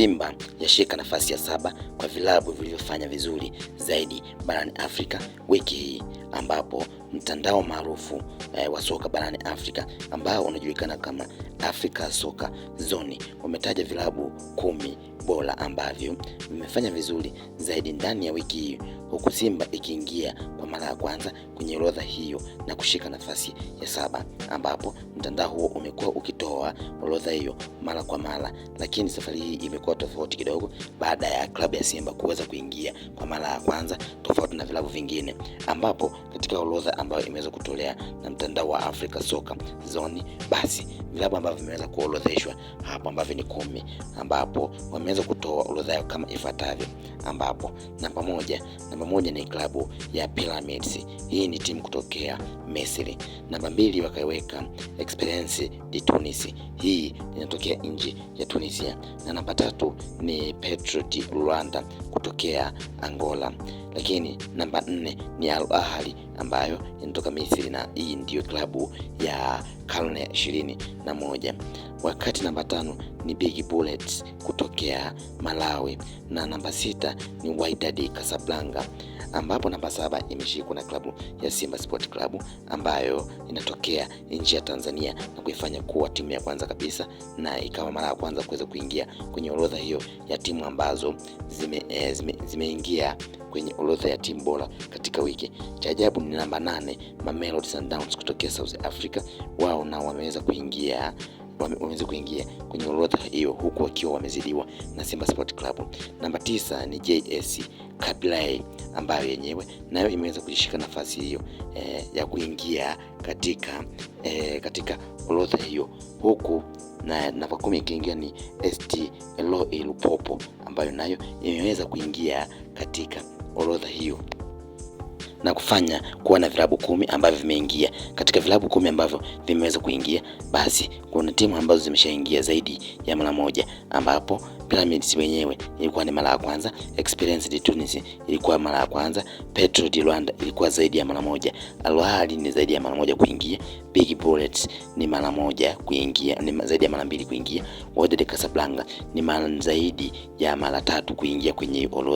Simba yashika nafasi ya saba kwa vilabu vilivyofanya vizuri zaidi barani Afrika wiki hii, ambapo mtandao maarufu eh, wa soka barani Afrika ambao unajulikana kama Africa Soka Zone umetaja vilabu kumi bora ambavyo vimefanya vizuri zaidi ndani ya wiki hii huku Simba ikiingia kwa mara ya kwanza kwenye orodha hiyo na kushika nafasi ya saba, ambapo mtandao huo umekuwa ukitoa orodha hiyo mara kwa mara, lakini safari hii imekuwa tofauti kidogo baada ya klabu ya Simba kuweza kuingia kwa mara ya kwanza, tofauti na vilabu vingine, ambapo katika orodha ambayo imeweza kutolea na mtandao wa Africa Soka Zone, basi vilabu ambavyo vimeweza kuorodheshwa hapo ambavyo ni kumi ambapo wame imeweza kutoa orodha yao kama ifuatavyo, ambapo namba moja namba moja ni klabu ya Pyramids. Hii ni timu kutokea Misri. Namba mbili wakaiweka Experience de Tunis, hii inatokea nje ya Tunisia, na namba tatu ni Petro de Luanda kutokea Angola, lakini namba nne ni Al Ahly ambayo inatoka Misri, na hii ndiyo klabu ya karne ishirini na moja. Wakati namba tano ni Big Bullets kutokea Malawi, na namba sita ni Wydad Casablanca, ambapo namba saba imeshikwa na klabu ya Simba Sport Club ambayo inatokea nje ya Tanzania na kuifanya kuwa timu ya kwanza kabisa, na ikawa mara ya kwanza kuweza kuingia kwenye orodha hiyo ya timu ambazo eh, zimeingia zime, zime kwenye orodha ya timu bora katika wiki. Cha ajabu ni namba nane Mamelodi Sundowns kutokea South Africa, wao nao wameweza kuingia wameweza kuingia kwenye orodha hiyo huku wakiwa wamezidiwa na Simba Sport Club. Namba tisa ni JS Kabylie ambayo yenyewe nayo imeweza kuishika nafasi hiyo eh, ya kuingia katika eh, katika orodha hiyo huku na namba kumi ikiingia ni ST Eloi Lupopo ambayo nayo imeweza kuingia katika orodha hiyo na kufanya kuwa na vilabu kumi ambavyo vimeingia. Katika vilabu kumi ambavyo vimeweza kuingia, basi kuna timu ambazo zimeshaingia zaidi ya mara moja, ambapo Pyramids wenyewe ilikuwa ni mara ya kwanza, Experience de Tunis ilikuwa mara ya kwanza, Petro de Rwanda ilikuwa zaidi ya mara moja, Al Ahly ni zaidi ya mara moja kuingia, Big Bullets ni mara moja kuingia, ni zaidi ya mara mbili kuingia, Wydad Casablanca ni mara zaidi ya mara tatu kuingia kwenye orodha.